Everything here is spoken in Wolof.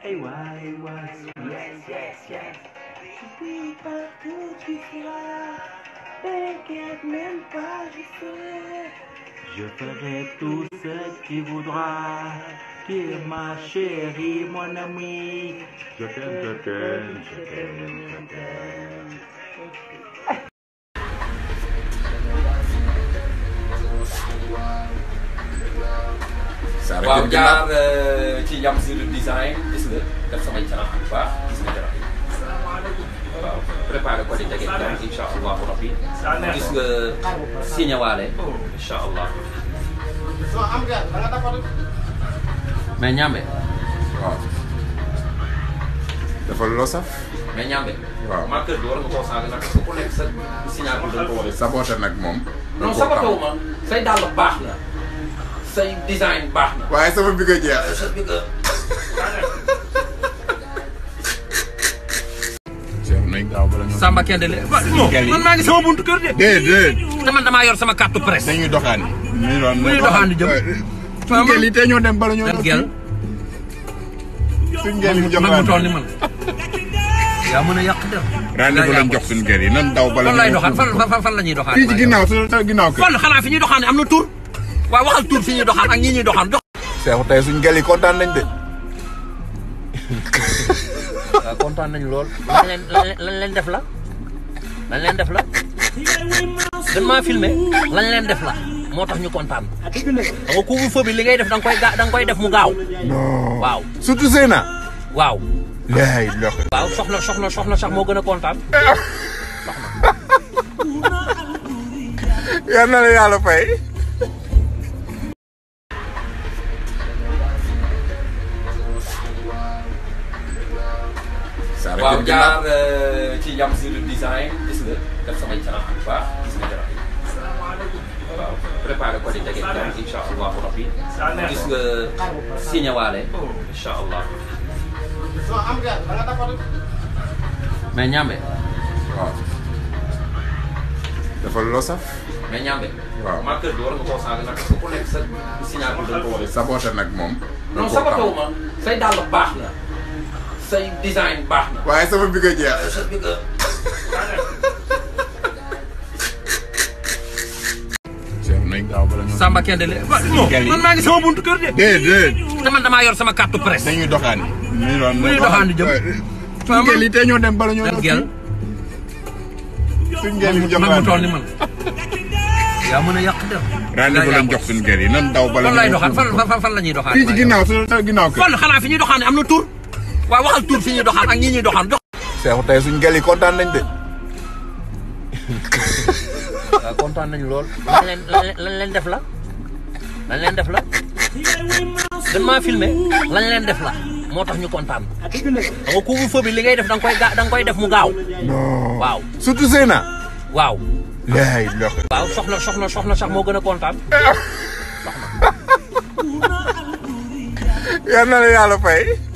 Hey, why, why, yes, yes, yes. Je suis partout, tu seras. T'inquiète même pas, je serai. Je ferai tout ce qui voudra. Tu es ma chérie, mon ami. Je t'aime, je t'aime, je t'aime, je t'aime. waaw jaar euh, ci yam si le design gis nga def samay jarax bu baax gis nga jarax yi waaw préparé ko di jege jam incha allahu rabbi gis nga signé waale incha allah mais ñambe waaw dafa loo saf mais ñambe waaw maa kër gi war nga koo saaga nag su ko nekk sa signal bi dañ ko war a saboté nag moom non saboté wu ma say dàll baax na say design baax na. waaye sama bi ko jeex. sa bi Samba Kende de non man maa ngi sama buntu kër de. déedéet. te man damaa yor sama carte presse. dañuy doxaani. dañuy doxaani jëm. suñu gel yi ñoo dem bala ñoo dem gel. suñu gel yi jox man mu toll ni man. yaa mën a yàq de. rendez-vous lañ jox suñu gel yi nan daw bala la ñuy doxaan. fii ci ginnaaw fi ñuy doxaan am na tur. waaw waxal tur fi ñuy doxaan ak ñi ñuy doxaan dox. Seexu tey suñ gel yi kontaan nañ de. waaw kontaan nañ lool. lañ leen def la lan def la. dañ maa filmé lan leen def la moo tax ñu kontaan. xam nga couvre li ngay def da nga koy ga koy def mu gaaw. non waaw surtout Seyna. waaw. yaay waaw soxna soxna sax moo gën a kontaan. soxna. yal na la fay. saa waaw jaar euh, ci yam si design gis nga def samay carax bu baax gis nga carax yi. waaw préparé ko rabbi gis nga signé waale incha allah. mais ñambe. waaw. dafa loo saf. mais ñambe. waaw marqueur bi war nga nag ku nekk sa signature da nga a. sabote nag moom. non sabote wu ma say design baax na. waaye sama bi ko jeex. sa Samba Kendele. man maa ngi sama buntu kër de. déedéet. te man damaa yor sama carte presse. dañuy doxaan. dañuy doxaan di jëm. suñu yi ñoo dem bala ñoo. dem suñu gel yi jox man mu toll ni man. yaa mën a yàq def. rendez-vous lañ jox suñu gel yi nan daw bala. fan lay doxaan fan fan fan la ñuy doxaan. fii ci ginnaaw am na tur. waaw waxal tur fi ñuy doxam ak ñi ñuy doxaan dox. Seexu tey suñ gel yi kontaan nañ de. waaw kontaan nañ lool. lañ leen def la lan leen def la gën maa filmé lan leen def la moo tax ñu kontaan. xam nga couvre-feu li ngay def da nga koy def mu gaaw. waaw surtout waaw. yaay loxo. waaw soxna soxna sax moo gën a kontaan. soxna. yal na la fay.